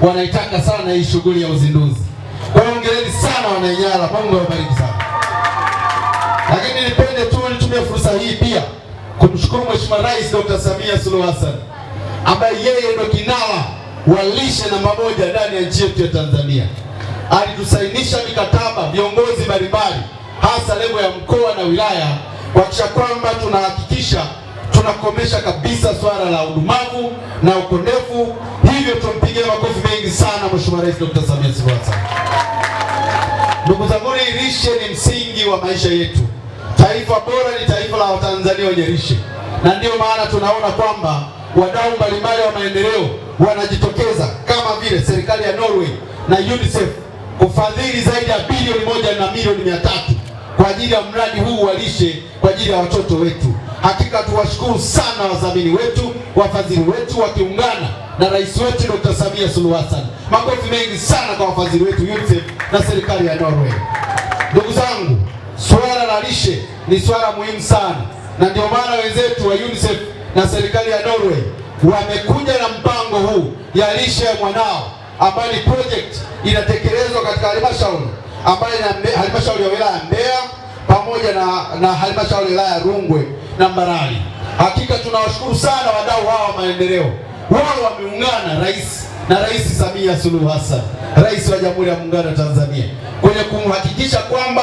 wanaitaka sana hii shughuli ya uzinduzi. Kwa hiyo ongeleni sana Wanainyala, Mungu awabariki sana. Lakini nipende tu nitumie fursa hii pia kumshukuru Mheshimiwa Rais Dr. Samia Suluhu Hassan ambaye yeye ndio kinara wa lishe namba moja ndani ya nchi yetu ya Tanzania. Alitusainisha mikataba viongozi mbalimbali, hasa lengo ya mkoa na wilaya, kuhakikisha kwamba tunahakikisha tunakomesha kabisa swala la udumavu na ukondefu. Hivyo tumpige makofi mengi sana Mheshimiwa Rais Dr. Samia Suluhu Hassan. Ndugu zangu, lishe ni msingi wa maisha yetu. Taifa bora ni taifa la Watanzania wenye lishe, na ndiyo maana tunaona kwamba wadau mbalimbali wa maendeleo wanajitokeza kama vile serikali ya Norway na UNICEF kufadhili zaidi ya bilioni moja na milioni mia tatu kwa ajili ya mradi huu wa lishe kwa ajili ya watoto wetu. Hakika tuwashukuru sana wadhamini wetu, wafadhili wetu, wakiungana na rais wetu Dr. Samia Suluhu Hassan. Makofi mengi sana kwa wafadhili wetu UNICEF na serikali ya Norway. Ndugu zangu, suala la lishe ni suala muhimu sana, na ndio maana wenzetu wa UNICEF na serikali ya Norway wamekuja na mpango huu ya lishe ya mwanao ambayo ni project inatekelezwa katika halmashauri ambayo halmashauri ya wilaya ya Mbeya pamoja na, na halmashauri ya wilaya ya Rungwe na Mbarali. Hakika tunawashukuru sana wadau hawa wa maendeleo, wao wameungana rais na Rais Samia Suluhu Hassan, rais wa Jamhuri ya Muungano wa Tanzania, kwenye kumhakikisha kwamba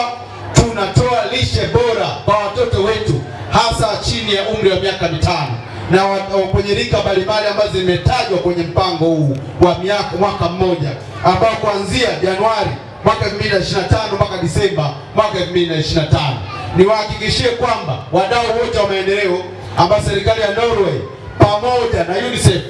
tunatoa lishe bora kwa watoto wetu, hasa chini ya umri wa miaka mitano na kwenye rika mbalimbali ambazo zimetajwa kwenye mpango huu wa mwaka mmoja ambao kuanzia Januari mwaka 2025 mpaka Disemba mwaka 2025. Niwahakikishie kwamba wadau wote wa maendeleo ambao serikali ya Norway pamoja na UNICEF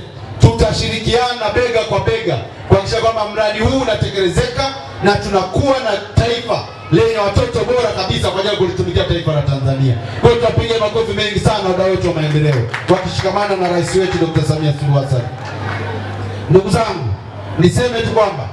tutashirikiana bega kwa bega kuhakikisha kwamba mradi huu unatekelezeka na tunakuwa na taifa lenye watoto bora kabisa kwa ajili ya kulitumikia taifa la Tanzania. Kwa hiyo tunapiga makofi mengi sana wadau wetu wa maendeleo wakishikamana na rais wetu Dr. Samia Suluhu Hassan. Ndugu zangu, niseme tu kwamba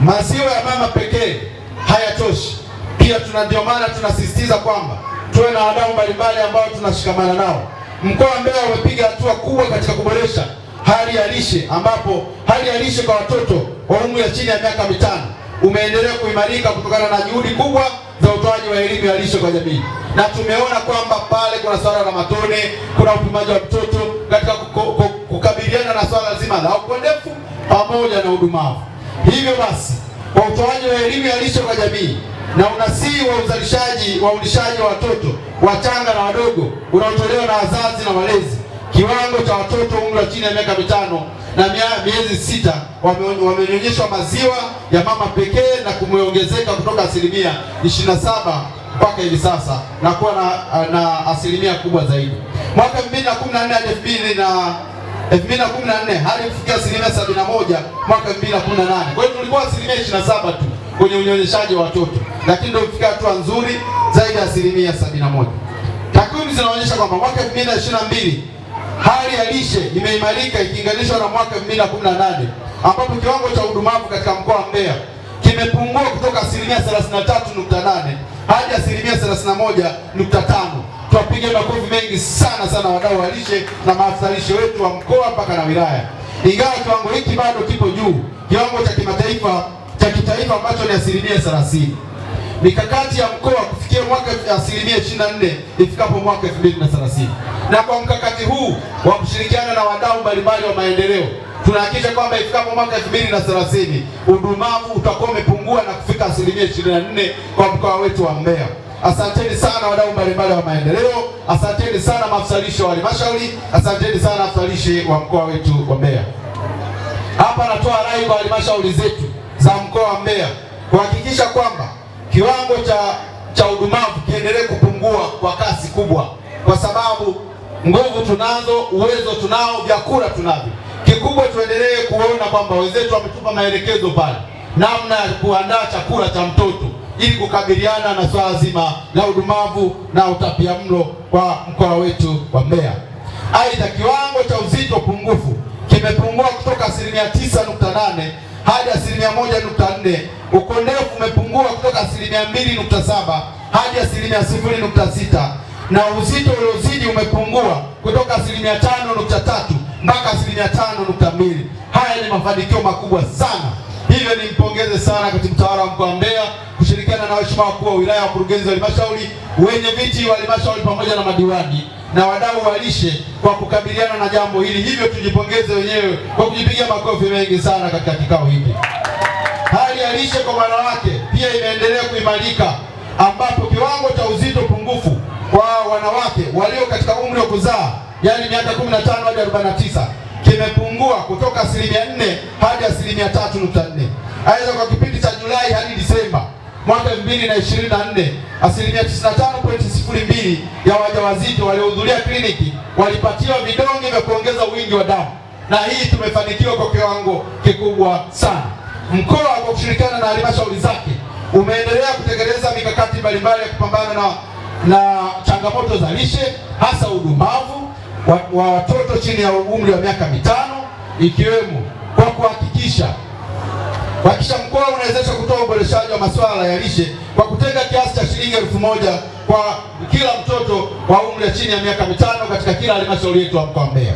Maziwa ya mama pekee hayatoshi, pia tuna ndio maana tunasisitiza kwamba tuwe na wadau mbalimbali ambao tunashikamana nao. Mkoa wa Mbeya umepiga hatua kubwa katika kuboresha hali ya lishe, ambapo hali ya lishe kwa watoto wa umri ya chini ya miaka mitano umeendelea kuimarika kutokana na juhudi kubwa za utoaji wa elimu ya lishe kwa jamii, na tumeona kwamba pale kuna swala la matone, kuna upimaji wa mtoto katika kukabiliana na swala zima la ukondefu pamoja na udumavu. Hivyo basi kwa utoaji wa elimu ya lishe kwa jamii na unasii wa uzalishaji wa ulishaji wa watoto wachanga na wadogo unaotolewa na wazazi na walezi, kiwango cha watoto umri wa chini ya miaka mitano na miezi sita wamenyonyeshwa wame maziwa ya mama pekee na kumeongezeka kutoka asilimia 27 mpaka hivi sasa na kuwa na, na asilimia kubwa zaidi mwaka 2014 hadi 2014 hadi kufikia asilimia 71 mwaka 2018. Kwa hiyo tulikuwa asilimia 27 tu kwenye unyonyeshaji wa watoto, lakini ndio kufikia hatua nzuri zaidi ya asilimia 71. Takwimu zinaonyesha kwamba mwaka 2022 hali ya lishe imeimarika ikilinganishwa na mwaka 2018 ambapo kiwango cha udumavu katika mkoa wa Mbeya kimepungua kutoka asilimia 33.8 hadi asilimia 31.5. Tuwapige makofi mengi sana sana wadau wa lishe na maafisa lishe wetu wa mkoa mpaka na wilaya. Ingawa kiwango hiki bado kipo juu, kiwango cha kimataifa cha kitaifa ambacho ni asilimia thelathini. Mikakati ya mkoa kufikia mwaka asilimia ishirini na nne ifikapo mwaka elfu mbili na thelathini. Na kwa mkakati huu wa kushirikiana na wadau mbalimbali wa maendeleo tunahakikisha kwamba ifikapo mwaka elfu mbili na thelathini udumavu utakuwa umepungua na kufika asilimia ishirini na nne kwa mkoa wetu wa Mbeya. Asanteni sana wadau mbalimbali wa maendeleo, asanteni sana maafsalishe wa halmashauri, asanteni sana afsalishe wa mkoa wetu wa Mbeya. Hapa natoa rai kwa halmashauri zetu za mkoa wa Mbeya kuhakikisha kwamba kiwango cha cha udumavu kiendelee kupungua kwa kasi kubwa, kwa sababu nguvu tunazo, uwezo tunao, vyakula tunavyo. Kikubwa tuendelee kuona kwamba wenzetu wametupa maelekezo pale namna ya kuandaa chakula cha mtoto ili kukabiliana na swala zima la udumavu na utapia mlo kwa mkoa wetu wa Mbeya. Aidha, kiwango cha uzito pungufu kimepungua kutoka asilimia 9.8 hadi asilimia 1.4. Ukondevu umepungua kutoka asilimia 2.7 hadi asilimia 0.6 na uzito uliozidi umepungua kutoka asilimia 5.3 mpaka asilimia 5.2. Haya ni mafanikio makubwa sana. Hivyo nimpongeze sana katibu tawala wa mkoa wa Mbeya kushirikiana na waheshimiwa wakuu wa wilaya, wakurugenzi wa halmashauri, wenye viti wa halmashauri pamoja na madiwani na wadau wa lishe kwa kukabiliana na jambo hili. Hivyo tujipongeze wenyewe kwa kujipigia makofi mengi sana katika kikao hiki. Hali ya lishe kwa wanawake pia imeendelea kuimarika, ambapo kiwango cha uzito pungufu kwa wanawake walio katika umri wa kuzaa, yaani miaka 15 hadi 49 imepungua kutoka asilimia nne hadi asilimia tatu nukta nne. Aidha, kwa kipindi cha Julai hadi Disemba mwaka nne asilimia mbili ya wajawazito waliohudhuria kliniki walipatiwa vidonge vya kuongeza wingi wa damu, na hii tumefanikiwa kwa kiwango kikubwa sana. Mkoa kwa kushirikiana na halmashauri zake umeendelea kutekeleza mikakati mbalimbali ya kupambana na, na changamoto za lishe hasa udumavu wa, wa watoto chini ya umri wa miaka mitano ikiwemo kwa kuhakikisha kuhakikisha mkoa unawezesha kutoa uboreshaji wa masuala ya lishe kwa kutenga kiasi cha shilingi elfu moja kwa kila mtoto wa umri wa chini ya miaka mitano katika kila halmashauri yetu ya mkoa Mbeya.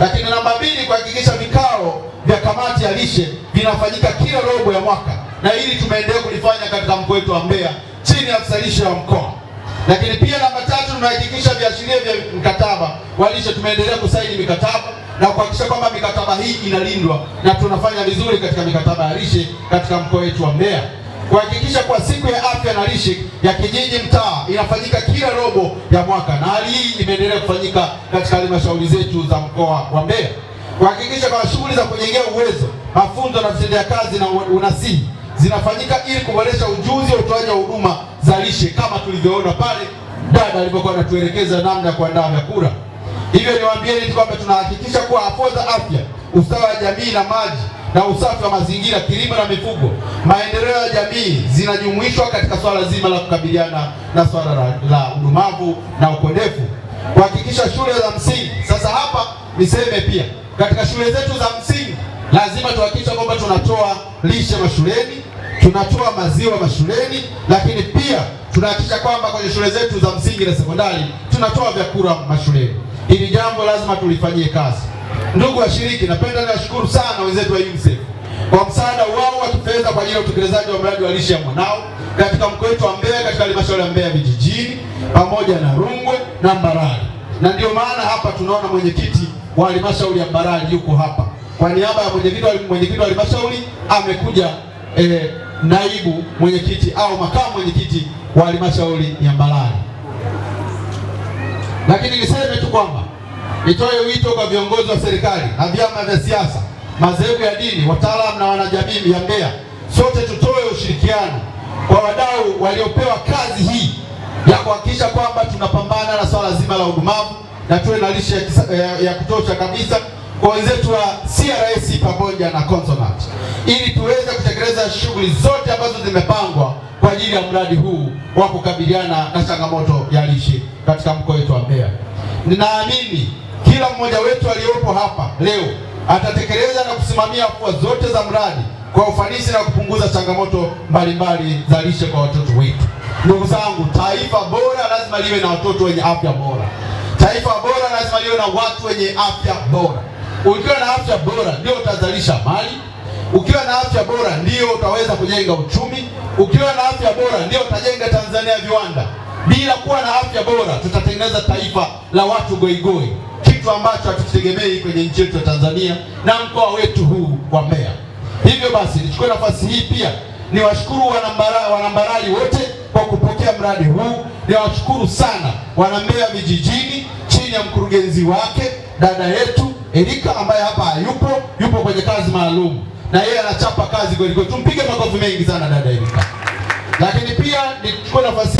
Lakini namba mbili, kuhakikisha vikao vya kamati ya lishe vinafanyika kila robo ya mwaka, na hili tumeendelea kulifanya katika mkoa wetu wa Mbeya chini ya msalisho wa mkoa lakini pia namba tatu, tunahakikisha viashiria vya mkataba walishe. Tumeendelea kusaini mikataba na kuhakikisha kwamba mikataba hii inalindwa na tunafanya vizuri katika mikataba ya lishe katika mkoa wetu wa Mbeya, kuhakikisha kwa siku ya afya na lishe ya kijiji mtaa inafanyika kila robo ya mwaka, na hali hii imeendelea kufanyika katika halmashauri zetu za mkoa wa Mbeya, kuhakikisha kwa shughuli za kujengea uwezo, mafunzo na vitendea kazi na unasihi zinafanyika ili kuboresha ujuzi wa utoaji wa huduma za lishe, kama tulivyoona pale dada alivyokuwa anatuelekeza namna ya kuandaa vyakula. Hivyo niwaambieni tu kwamba tunahakikisha kuwa afodha afya, ustawi wa jamii na maji na usafi wa mazingira, kilimo na mifugo, maendeleo ya jamii zinajumuishwa katika swala zima la kukabiliana na swala la, la udumavu na ukondefu, kuhakikisha shule za msingi. Sasa hapa niseme pia, katika shule zetu za msingi lazima tuhakikisha kwamba tunatoa lishe mashuleni tunatoa maziwa mashuleni, lakini pia tunahakikisha kwamba kwenye shule zetu za msingi na sekondari tunatoa vyakula mashuleni. Hili jambo lazima tulifanyie kazi. Ndugu washiriki, napenda niwashukuru sana wenzetu wa UNICEF kwa msaada wao wa kifedha kwa ajili ya utekelezaji wa mradi wa lishe ya mwanao katika mkoa wetu wa Mbeya, katika halmashauri ya Mbeya vijijini pamoja na Rungwe na Mbarali, na ndio maana hapa tunaona mwenyekiti wa halmashauri ya Mbarali yuko hapa kwa niaba ya mwenyekiti wa halmashauri amekuja eh, naibu mwenyekiti au makamu mwenyekiti wa halmashauri ya Mbalali. Lakini niseme tu kwamba nitoe wito kwa viongozi wa serikali na vyama vya siasa, madhehebu ya dini, wataalamu na wanajamii ya Mbeya, sote tutoe ushirikiano kwa wadau waliopewa kazi hii ya kuhakikisha kwamba tunapambana na swala zima la udumavu na tuwe na lishe ya, ya, ya kutosha kabisa kwa wenzetu wa CRS pamoja na Consonant ili tuwe kuanza shughuli zote ambazo zimepangwa kwa ajili ya mradi huu wa kukabiliana na changamoto ya lishe katika mkoa wetu wa Mbeya. Ninaamini kila mmoja wetu aliyepo hapa leo atatekeleza na kusimamia hatua zote za mradi kwa ufanisi na kupunguza changamoto mbalimbali za lishe kwa watoto wetu. Ndugu zangu, taifa bora lazima liwe na watoto wenye afya bora. Taifa bora lazima liwe na watu wenye afya bora. Ukiwa na afya bora ndio utazalisha mali ukiwa na afya bora ndio utaweza kujenga uchumi, ukiwa na afya bora ndio utajenga Tanzania viwanda. Bila kuwa na afya bora, tutatengeneza taifa la watu goigoi, kitu ambacho hatutegemei kwenye nchi yetu ya Tanzania na mkoa wetu huu wa Mbeya. Hivyo basi, nichukue nafasi hii pia niwashukuru wanambarali wote kwa kupokea mradi huu. Niwashukuru sana wanambeya vijijini chini ya mkurugenzi wake dada yetu Erika ambaye hapa hayupo, yupo kwenye kazi maalum na yeye anachapa kazi kweli kweli. Tumpige makofi mengi sana dada Erika. Lakini pia nichukue nafasi